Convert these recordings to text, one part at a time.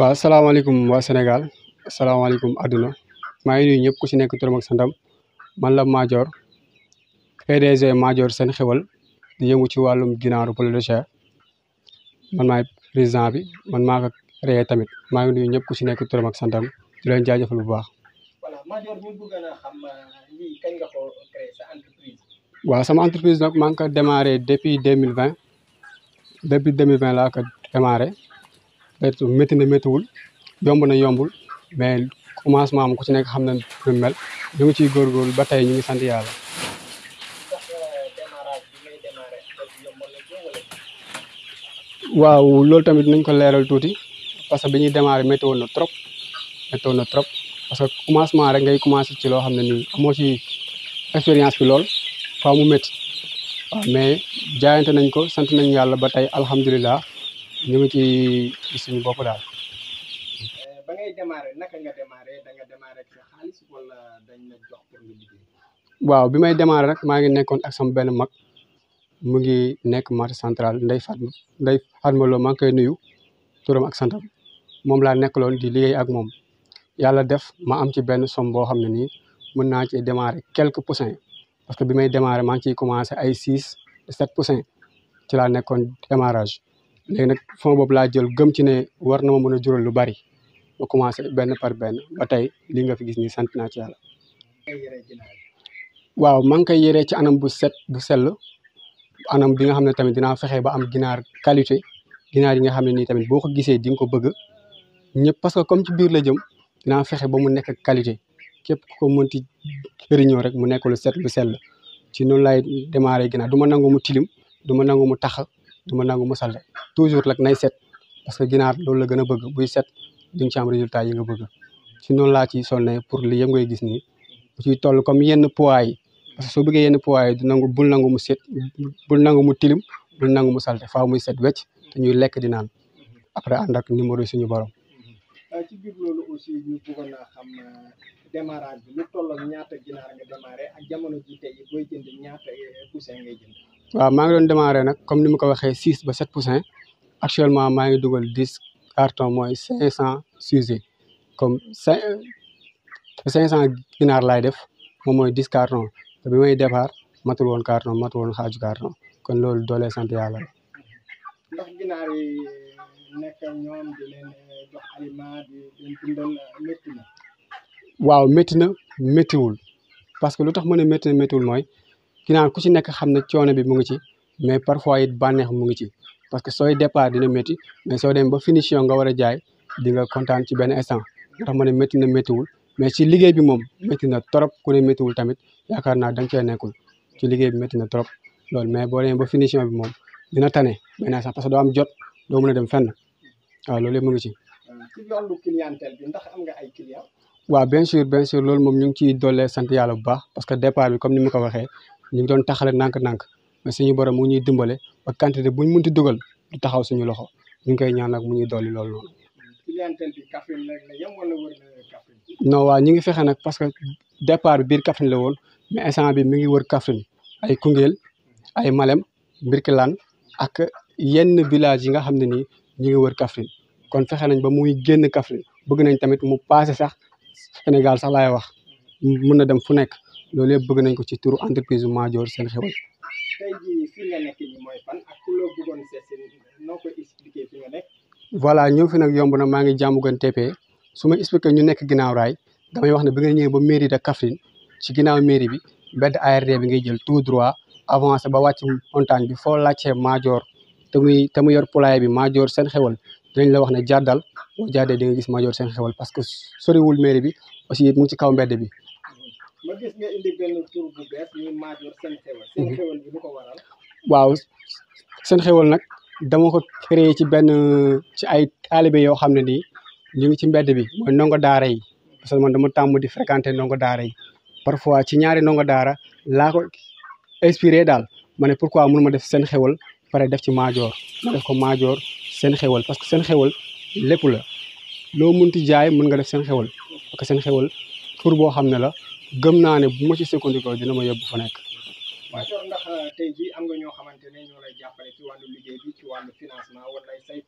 waaw salaamaaleykum wa Sénégal salaamaaleykum àdduna maa ngi nuyu ñëpp ku ci nekk turam ak man la Madior PDG Madior Sène Xewal ci wàllum ginaaru poulet de chair man maay président bi man maa ko tamit maa ngi nuyu ñëpp ku ci nekk turam ak santam di jaajëfal bu baax. voilà Madior ñu na xam euh, lii kañ nga ko créé sa entreprise. nag maa ngi ko démarré depuis deux mille vingt depuis deux mille vingt laa ko démarré. métti métti na méttiwul yomb na yombul mais commencement am ku ci nekk xam na lu mel ñu ngi ciy góorgóorlu ba tey ñu ngi sant yàlla. waaw loolu tamit nañ ko leeral tuuti parce que bi ñuy démarrer métti woon na trop métti woon na trop parce que commencement rek ngay commencé ci loo xam ne nii amoo ci expérience bi lool faaw mu métti waaw mais jaayante nañ ko sant nañ yàlla ba tey alhamdulilah. ñu ngi ci gis suñu bopp daal. Eh, dañ la waaw bi may démarrer rek maa ngi nekkoon ak sama benn mag mu ngi nekk marché centrale nday Fatma Ndeye Fatma Lo maa ngi koy nuyu turam ak santam moom laa nekkaloon di liggéey ak moom yàlla def ma am ci benn somme boo xam ne nii mën naa ci démarrer quelques pourcent parce que bi may démarrer maa ngi ciy commencé ay six sept pourcent ci laa nekkoon démarrage. léegi nag fond boobu laa jël gëm ci ne war na ma mën a jural lu bari ma commencé benn par benn ba tey li nga fi gis nii sant naa ci yàlla. waaw maa ngi koy ci anam bu set bu sell anam bi nga xam ne tamit dinaa fexe ba am ginaar qualité ginaar yi nga xam ne nii tamit boo ko gisee di nga ko bëgg ñëpp parce que comme ci biir la jëm dinaa fexe ba mu nekk qualité képp ku ko mënti jëriñoo rek mu nekk lu set lu sell ci noonu laay démarré ginaar du ma nangu mu tilim du ma nangu mu tax du ma nangu mu salte toujours rek nay set parce que ginaar loolu la gëna bëgg buy set di nga ci am résultat yi nga bëgg ci non la ci sonné pour li yëpp ngay gis ni bu ci toll comme yenn poids yi parce que so bëggee yenn poids yi du nangu bul nangu mu set bul nangu mu tilim bul nangu mu salte faaw muy set wecc te ñuy lekk di naan après and ak numéro suñu borom. Euh, ci bir loolu aussi ñu bëgg na xam euh, démarrage bi lu toll ak ñaata ginaar nga démarré ak jamono ji tay boy jënd ñaata coussin euh, ngay jënd. waaw maa ngi doon démarré nag comme ni ma ko waxee six ba sept pour cent actuellement maa ngi dugal dix carton mooy cinq cent sujets comme cinq cinq cent ginaar laay def moom mooy dix carton te bi may départ matul woon carton matul woon xaaju carton kon loolu doolee sant yàlla la eh, eh, na waaw métti na parce que lu tax ma ne métti na méttiwul mooy naan ku si nekk xam ne coono bi mu ngi ci mais parfois it bànneex mu ngi ci parce que sooy départ dina métti mais soo dem ba finition nga war a jaay di nga kontaan ci benn instant nga xam ne métti na méttiwul mais ci liggéey bi moom métti na trop ku ne méttiwul tamit yaakaar naa da nga cee nekkul ci liggéey bi métti na trop loolu mais boo demee ba finition bi moom dina tane mais naa sax parce que doo am jot doo mën a dem fenn waaw loolu yëpp mu ngi ci. ci loolu clientèle bi ndax am nga ay clients. waaw bien sûr bien sûr loolu moom ñu ngi ciy dolle sant yàlla bu baax parce que départ bi comme ni ma ko waxee ñu doon taxale nank nank mais suñu borom mu ñuy dimbalé ba quantité buñ munti dugal du taxaw suñu loxo ñu koy ñaan nak mu ñuy dolli loolu noonu no wa ñi ngi fexé nak parce que départ bi biir Kaffrine la woon mais instant bi mi ngi wër Kaffrine ay kungel ay Malem Birkelane ak yenn village yi nga xam ni ñi ngi wër Kaffrine kon fexé nañ ba ngi génn kafin bëgg nañ tamit mu passé sax Sénégal sax lay wax mën na dem fu nekk loolu yëpp bëgg nañ ko ci turu entreprise bu Madior seen xewal. tey jii fi ñëw fi nag yomb na maa ngi jàmm gën su ma expliqué ñu nekk ginnaaw damay wax ne bi nga ñëwee ba mairie de Kaffrine ci ginnaaw mairie bi mbedd ARD bi ngay jël tout droit avancé ba wàcc montagne bi foo laajtee Madior te muy te mu yor poulailler bi Madior seen xewal dinañ la wax ne jàddal boo jàddee di nga gis Madior seen xewal parce que soriwul mairie bi aussi it ci kaw mbedd bi. ma mhm. ko waral. waaw seen xewal nag dama ko créé ci benn ci ay taalibe yoo xam ne ni ñu ngi ci mbedd bi mooy ndongo daara yi parce que man dama tàmm di fréquenter ndongo daara yi. parfois ci ñaari ndongo daara laa ko daal ma ne quoi mënu ma def seen xewal pare def ci Madior ma def ko xewal parce que seen xewal lépp la loo mënti jaay mën nga def seen xewal parce que seen xewal. pour boo xam ne la gëm naa ne bu ma ci sukkandikoo dina ma yóbbu fa nekk. waaw euh, am nga ñoo xamante ne ñoo lay jàppale ci wàllu liggéey bi ci wàllu financement wala say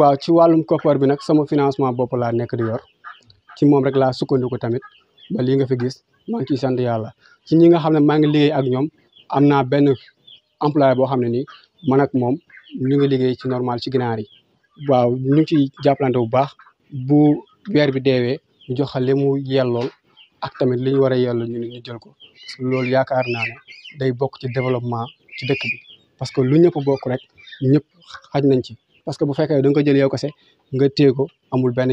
waaw ci wàllum koppar bi nag sama financement bopp laa nekk di yor ci moom rek laa sukkandiku tamit ba lii nga fi gis maa ngi ciy sant yàlla ci ñi nga xam ne maa ngi liggéey ak ñoom am naa benn employé boo xam ne nii man ak moom ñu ngi liggéey ci normal ci ginaar yi. waaw ñu ngi jàppalante bu baax bu weer bi deewee. ñu jox li mu yellool ak tamit li ñu war a ñu ñu jël ko loolu yaakaar naa ne day bokk ci développement ci dëkk bi parce que lu ñëpp bokk rek ñëpp xaj nañ ci parce que bu fekkee da nga ko jël yow kese nga téye ko amul benn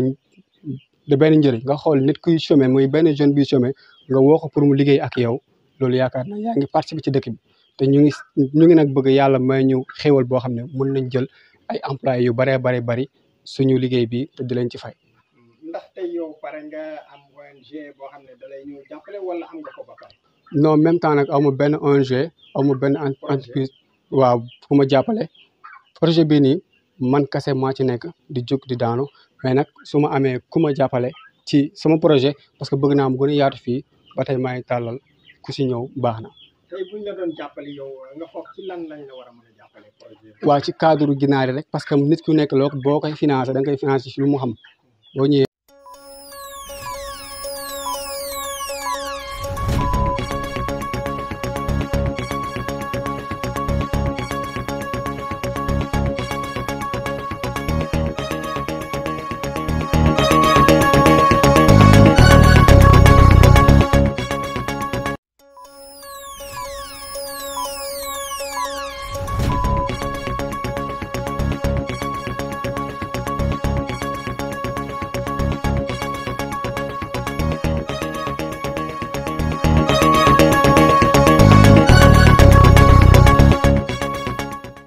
de benn njëriñ nga xool nit kuy chômé muy benn jeune bi chômé nga woo ko pour mu liggéey ak yow loolu yaakaar naa yaa ngi participer ci dëkk bi te ñu ngi ñu ngi nag bëgg yàlla may ñu xéewal boo xam ne mën nañ jël ay employés yu bëree bëri bari suñu liggéey bi di leen ci fay ndax tey yow nga am wala am même temps nag amul benn ONG amul benn entreprise waaw fu ma jàppale projet bi nii man kase maa ci nekk di jóg di daanu mais nag su ma amee ku ma jàppale ci sama projet parce que bëgg naa am gën yaatu fii ba tey maa ngi tàllal ku si ñëw baax na. tey bu ñu ci lan lañ la war a mën a ci cadre ginaar rek parce que nit ku nekk loo boo koy financé da nga koy financé si lu mu xam boo ñëwee.